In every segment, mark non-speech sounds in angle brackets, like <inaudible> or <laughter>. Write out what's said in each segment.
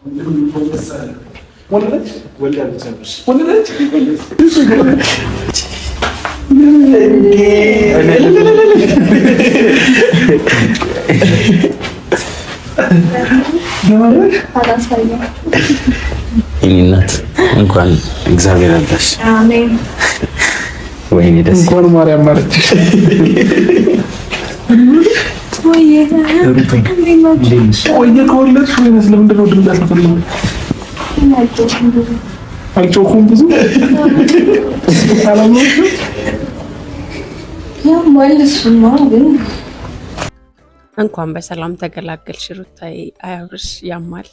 እናት እንኳን እግዚአብሔር አዳሽ። ወይኔ ደስ እንኳን ማርያም ማረችሽ። ብዙ እንኳን በሰላም ተገላገልሽ ሩታዬ። አያብርሽ ያማል፣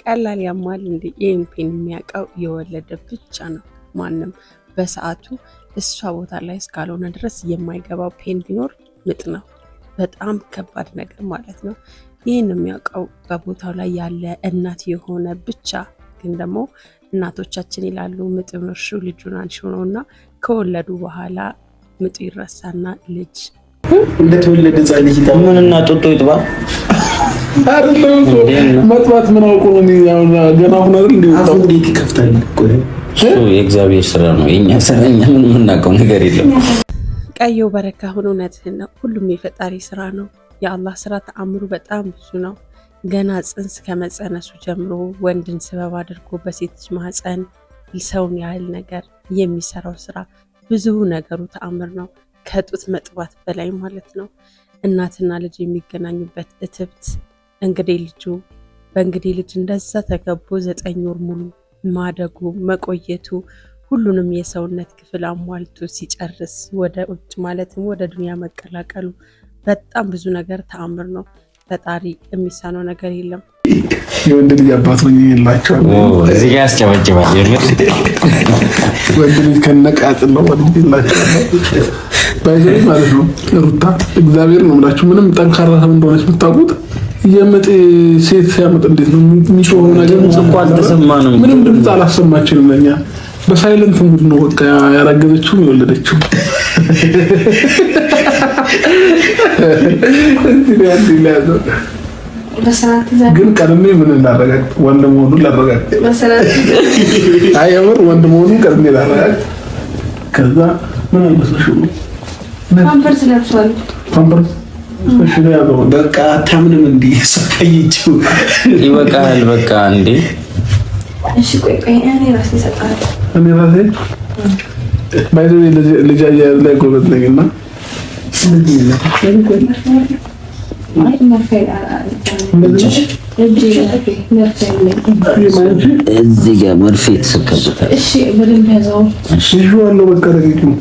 ቀላል ያማል። እንደ ይህን የሚያውቀው የወለደ ብቻ ነው። ማንም በሰዓቱ እሷ ቦታ ላይ እስካልሆነ ድረስ የማይገባው ፔን ቢኖር ምጥ ነው። በጣም ከባድ ነገር ማለት ነው። ይህን የሚያውቀው በቦታው ላይ ያለ እናት የሆነ ብቻ ግን ደግሞ እናቶቻችን ይላሉ ምጥ ምርሹ ልጁን አንሺው ነው እና ከወለዱ በኋላ ምጡ ይረሳና ልጅ እንደተወለደ ጻልጅ ምን እና ጡጦ ይጥባ መጥባት ምን አውቁ ገና ሁን እንዲወጣ ይከፍታል። የእግዚአብሔር ስራ ነው። የኛ ስራ እኛ ምን የምናውቀው ነገር የለም። ቀየው በረካ ሆኖ እውነትህን ነው። ሁሉም የፈጣሪ ስራ ነው። የአላህ ስራ ተአምሩ በጣም ብዙ ነው። ገና ጽንስ ከመጸነሱ ጀምሮ ወንድን ስበብ አድርጎ በሴቶች ማህፀን ሰውን ያህል ነገር የሚሰራው ስራ ብዙ ነገሩ ተአምር ነው። ከጡት መጥባት በላይ ማለት ነው። እናትና ልጅ የሚገናኙበት እትብት እንግዴ ልጁ በእንግዴ ልጅ እንደዛ ተገቦ ዘጠኝ ወር ሙሉ ማደጉ መቆየቱ ሁሉንም የሰውነት ክፍል አሟልቶ ሲጨርስ ወደ ውጭ ማለትም ወደ ዱንያ መቀላቀሉ በጣም ብዙ ነገር ተአምር ነው። ፈጣሪ የሚሳነው ነገር የለም። የወንድ ልጅ አባት ነው ይላቸዋል። እዚህ ጋር ያስጨበጭባል። ወንድ ልጅ ከነቃጥል ነው ወንድ ይላቸዋል። ማለት ነው። ሩታ እግዚአብሔር ነው የምላችሁ። ምንም ጠንካራ ሰው እንደሆነች የምታውቁት የምጥ ሴት ሲያምጥ እንዴት ነው የሚጮኸው ነገር ምንም ድምፅ አላሰማችንም ለኛ በሳይለንት ሙድ ነው በቃ ያረገዘችው የወለደችው። ግን ቀድሜ ምን ላረጋግጥ? ወንድ መሆኑን ላረጋግጥ። አይ የምር ወንድ መሆኑን ቀድሜ ላረጋግጥ። ከዛ ምን አልመስለሽም ነው ፓምፐርስ ለብሷል። ፓምፐርስ በቃ ታምንም እንዲ ሰፈይችው ይበቃል። በቃ እንዴ እሺ ቆይ ቆይ እኔ ራሴ ሰጣለሁ እኔ ራሴ ባይዘ ልጅ አያያዝ ላይ ጎበዝ ነኝ እና እዚህ ጋር መርፌ የተሰካበታል። በቃ ረቂቅ ነው።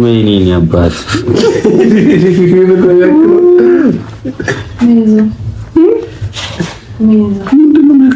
ወይኔ አባት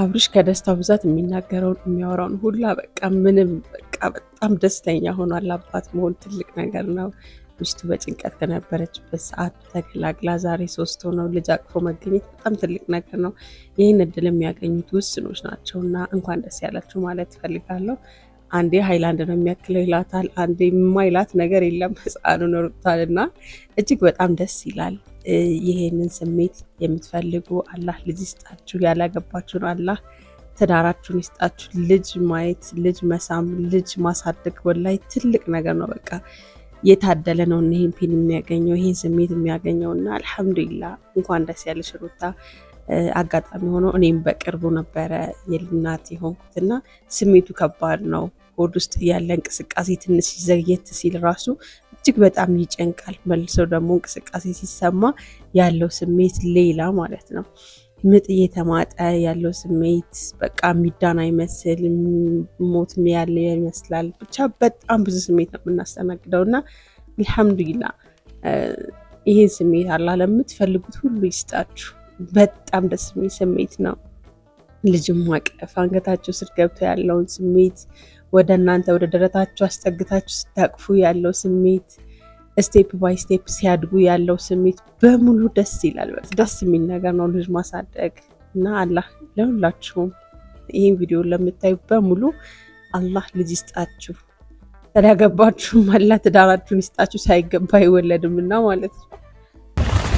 አብርሽ ከደስታው ብዛት የሚናገረውን የሚያወራውን ሁላ በቃ ምንም በቃ በጣም ደስተኛ ሆኗል። አባት መሆን ትልቅ ነገር ነው። ሚስቱ በጭንቀት ከነበረችበት ሰዓት ተገላግላ ዛሬ ሶስት ሆነው ልጅ አቅፎ መገኘት በጣም ትልቅ ነገር ነው። ይህን እድል የሚያገኙት ውስኖች ናቸው እና እንኳን ደስ ያላችሁ ማለት እፈልጋለሁ። አንዴ ሀይላንድ ነው የሚያክለው ይላታል። አንዴ የማይላት ነገር የለም ህፃኑን ሩታል እና እጅግ በጣም ደስ ይላል። ይሄንን ስሜት የምትፈልጉ አላህ ልጅ ይስጣችሁ። ያላገባችሁን አላህ ትዳራችሁን ይስጣችሁ። ልጅ ማየት፣ ልጅ መሳም፣ ልጅ ማሳደግ ወላይ ትልቅ ነገር ነው። በቃ የታደለ ነው ይህን ፊልም የሚያገኘው ይህን ስሜት የሚያገኘው እና አልሐምዱሊላ እንኳን ደስ ያለሽ ሩታ አጋጣሚ ሆኖ እኔም በቅርቡ ነበረ የልናት የሆንኩትና ስሜቱ ከባድ ነው። ሆድ ውስጥ ያለ እንቅስቃሴ ትንሽ ዘግየት ሲል ራሱ እጅግ በጣም ይጨንቃል። መልሰው ደግሞ እንቅስቃሴ ሲሰማ ያለው ስሜት ሌላ ማለት ነው። ምጥ እየተማጠ ያለው ስሜት በቃ ሚዳን አይመስል ሞት ያለ ይመስላል። ብቻ በጣም ብዙ ስሜት ነው የምናስተናግደው እና አልሐምዱሊላ ይህን ስሜት አላ ለምትፈልጉት ሁሉ ይስጣችሁ። በጣም ደስ የሚል ስሜት ነው። ልጅም ማቀፍ አንገታችሁ ስር ገብቶ ያለውን ስሜት ወደ እናንተ ወደ ደረታችሁ አስጠግታችሁ ስታቅፉ ያለው ስሜት ስቴፕ ባይ ስቴፕ ሲያድጉ ያለው ስሜት በሙሉ ደስ ይላል። ደስ የሚል ነገር ነው ልጅ ማሳደግ እና አላህ ለሁላችሁም ይህን ቪዲዮ ለምታዩ በሙሉ አላህ ልጅ ይስጣችሁ። ያላገባችሁም አላህ ትዳራችሁን ይስጣችሁ። ሳይገባ አይወለድም እና ማለት ነው።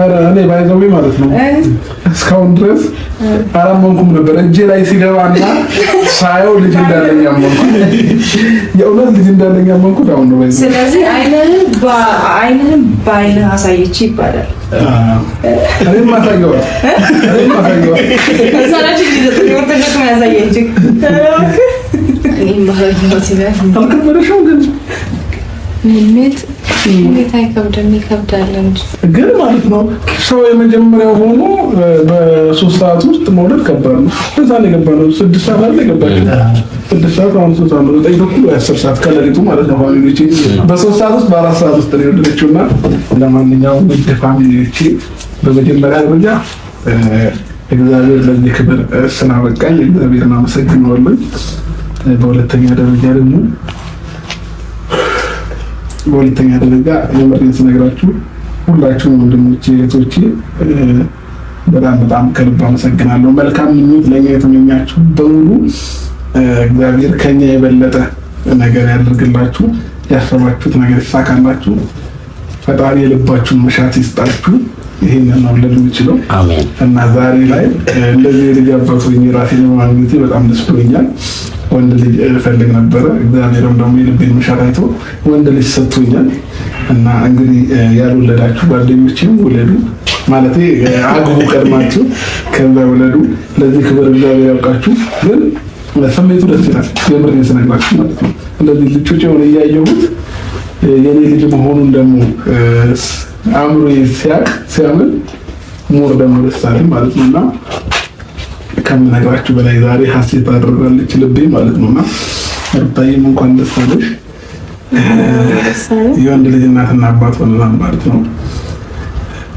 እኔ ባይዘዊ ማለት ነው እስካሁን ድረስ አላመንኩም ነበር። እጄ ላይ ሲገባና ሳየው ልጅ እንዳለኝ አመንኩ። የእውነት ልጅ እንዳለኝ አመንኩ። አሁን ነው ባይዘ። ስለዚህ አይንህን በአይንህን በአይንህ አሳየች ይባላል። እኔም እንዴት አይከብድም? ይከብዳል እንጂ ግን ማለት ነው ሰው የመጀመሪያው ሆኖ በሶስት ሰዓት ውስጥ መውለድ ከባድ ነው። በዛ ነው የገባነው። ስድስት ሰዓት አለ የገባችው ስድስት ሰዓት አሁን ሶስት ሰዓት ነው ዘጠኝ በኩል አስር ሰዓት ከሌሊቱ ማለት ነው። ፋሚሊዎቼ በሶስት ሰዓት ውስጥ በአራት ሰዓት ውስጥ ነው የወለደችው እና ለማንኛውም ውድ ፋሚሊዎች በመጀመሪያ ደረጃ እግዚአብሔር ለዚህ ክብር ስናበቃኝ እግዚአብሔርን አመሰግነዋለን። በሁለተኛ ደረጃ ደግሞ በሁለተኛ ደረጃ የምሬን ስነግራችሁ ሁላችሁም ወንድሞቼ እህቶቼ በጣም በጣም ከልብ አመሰግናለሁ። መልካም ምኞት ለእኛ የተመኛችሁ በሙሉ እግዚአብሔር ከኛ የበለጠ ነገር ያደርግላችሁ፣ ያሰባችሁት ነገር ይሳካላችሁ። ፈጣሪ የልባችሁን መሻት ይስጣችሁ። ይህንን መውለድ የምችለው እና ዛሬ ላይ እንደዚህ የልጅ አባት ራሴ ለማግኘቴ በጣም ደስ ብሎኛል። ወንድ ልጅ እፈልግ ነበረ። እግዚአብሔርም ደግሞ የልቤን መሻት አይቶ ወንድ ልጅ ሰጥቶኛል እና እንግዲህ ያልወለዳችሁ ጓደኞችም ውለዱ፣ ማለት አግቡ፣ ቀድማችሁ ከዛ ውለዱ። ለዚህ ክብር እግዚአብሔር ያውቃችሁ። ግን ስሜቱ ደስ ይላል፣ የምር ስነግራችሁ ማለት ነው። እንደዚህ ልጆች የሆነ እያየሁት የኔ ልጅ መሆኑን ደግሞ አእምሮ ሲያቅ ሲያምን ሞር ደግሞ ደስ አለኝ ማለት ነው እና ከምነግራችሁ በላይ ዛሬ ሀሴት አድርጋለች ልቤ ማለት ነው። እና ሩታዬም እንኳን ደስ አለሽ። የወንድ ልጅ እናትና አባት ሆነናል ማለት ነው።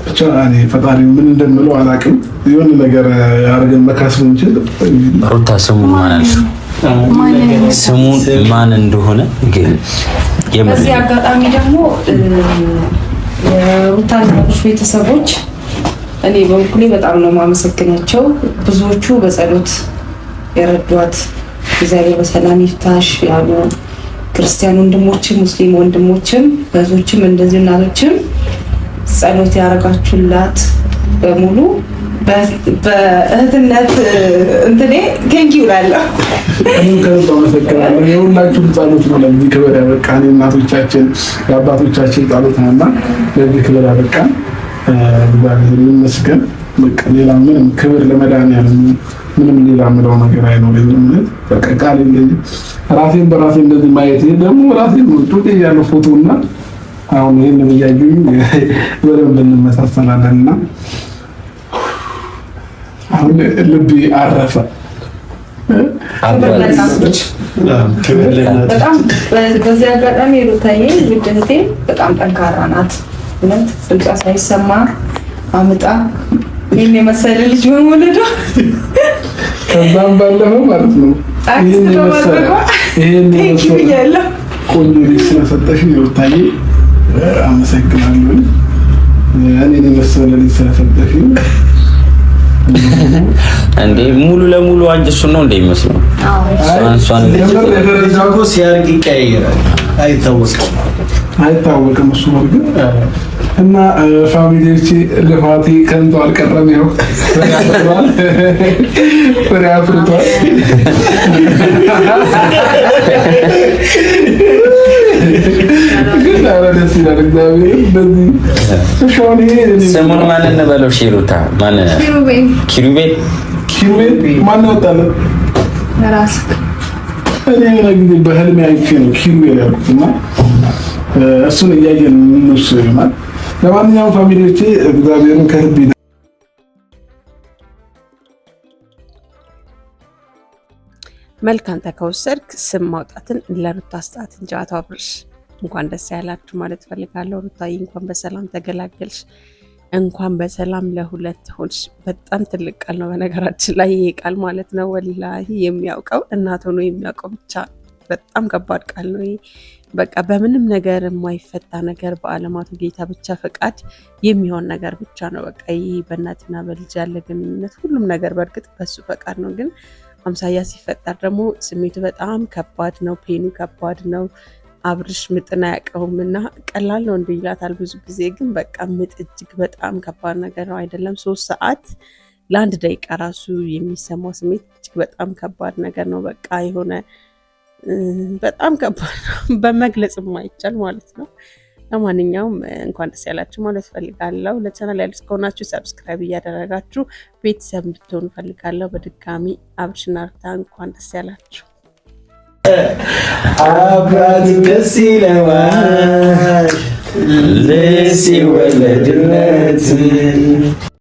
ብቻ እኔ ፈጣሪ ምን እንደምለው አላውቅም። የሆነ ነገር አድርገን መካስብ ብንችል ሩታ ስሙን ማን ማን እንደሆነ ግን በዚህ አጋጣሚ ደግሞ የሩታ ቤተሰቦች እኔ በበኩሌ በጣም ነው የማመሰግናቸው። ብዙዎቹ በጸሎት የረዷት እግዚአብሔር በሰላም ይፍታሽ ያሉ ክርስቲያን ወንድሞችም ሙስሊም ወንድሞችም በዞችም እንደዚህ እናቶችም ጸሎት ያደረጋችሁላት በሙሉ በእህትነት እንትኔ ቴንኪ ውላለሁ። ከልብ አመሰግናለሁ። የሁላችሁም ጸሎት ነው ለዚህ ክብር ያበቃን። የእናቶቻችን የአባቶቻችን ጸሎት ነውና ለዚህ ክብር ያበቃን። እግዚአብሔር ይመስገን። በቃ ሌላ ምንም ክብር ለመድኃኒዓለም ምንም ሌላ ምለው ነገር አይኖረኝም። እውነት በቃ ቃል የለኝም። ራሴን በራሴ እንደዚህ ማየት ደግሞ ራሴ ጡት ያለው ፎቶ እና አሁን ይህን እያዩኝ በደንብ እንመሳሰላለን እና አሁን ልቤ አረፈ። በጣም በዚህ አጋጣሚ ሩታዬ ውድ እህቴ በጣም ጠንካራ ናት። ምንም ድምጿ ሳይሰማ አምጣ ይህን የመሰለ ልጅ በመውለዷ ከዛም ባለፈ ማለት ነው ቆንጆ ልጅ ስለሰጠሽ አመሰግናለሁ። እኔን የመሰለ ልጅ ስለሰጠሽ እንዴ ሙሉ ለሙሉ አንቺ እሱን ነው እንደ ይመስለው እሷን እሷን ይቀያየራል፣ አይታወቅም አይታወቅም እሱ ግን እና ፋሚሊዎቼ ልፋቴ ከንቱ አልቀረም። ይኸው ፍሬ አፍርቷል። ግን ኧረ ደስ ይላል። እግዚአብሔር ስሙን ማንን እንበለው? ሩታ ማንን? ኪሩቤል ኪሩቤል ማን ወጣለን ራስህ እኔ ጊዜ በህልሜ አይቼ ነው ኪሩቤል ያልኩት እና እሱን እያየን የምንወስ ይሆናል። ለማንኛውም ፋሚሊዎቼ እግዚአብሔርን ከልብ መልካም አንተ ስም ማውጣትን ለሩታ ስጣት እንጂ አቶ እንኳን ደስ ያላችሁ ማለት ፈልጋለሁ። ሩታዬ እንኳን በሰላም ተገላገልሽ፣ እንኳን በሰላም ለሁለት ሆንሽ። በጣም ትልቅ ቃል ነው። በነገራችን ላይ ይሄ ቃል ማለት ነው ወላሂ የሚያውቀው እናት ሆኖ የሚያውቀው ብቻ በጣም ከባድ ቃል ነው። በቃ በምንም ነገር የማይፈታ ነገር በዓለማቱ ጌታ ብቻ ፈቃድ የሚሆን ነገር ብቻ ነው። በቃ ይህ በእናትና በልጅ ያለ ግንኙነት ሁሉም ነገር በእርግጥ በሱ ፈቃድ ነው። ግን አምሳያ ሲፈጠር ደግሞ ስሜቱ በጣም ከባድ ነው። ፔኑ ከባድ ነው። አብርሽ ምጥን አያውቀውም እና ቀላል ነው እንዲ ይላታል ብዙ ጊዜ። ግን በቃ ምጥ እጅግ በጣም ከባድ ነገር ነው። አይደለም ሶስት ሰዓት ለአንድ ደቂቃ ራሱ የሚሰማው ስሜት እጅግ በጣም ከባድ ነገር ነው። በቃ የሆነ በጣም ከባድ ነው፣ <laughs> በመግለጽ የማይቻል ማለት ነው። ለማንኛውም እንኳን ደስ ያላችሁ ማለት ፈልጋለሁ። ለቻናል ያሉ ከሆናችሁ ሰብስክራይብ እያደረጋችሁ ቤተሰብ እንድትሆኑ ፈልጋለሁ። በድጋሚ አብርሽና ሩታ እንኳን ደስ ያላችሁ። አብራት ደስ ይለዋል ልስ ሲወለድለት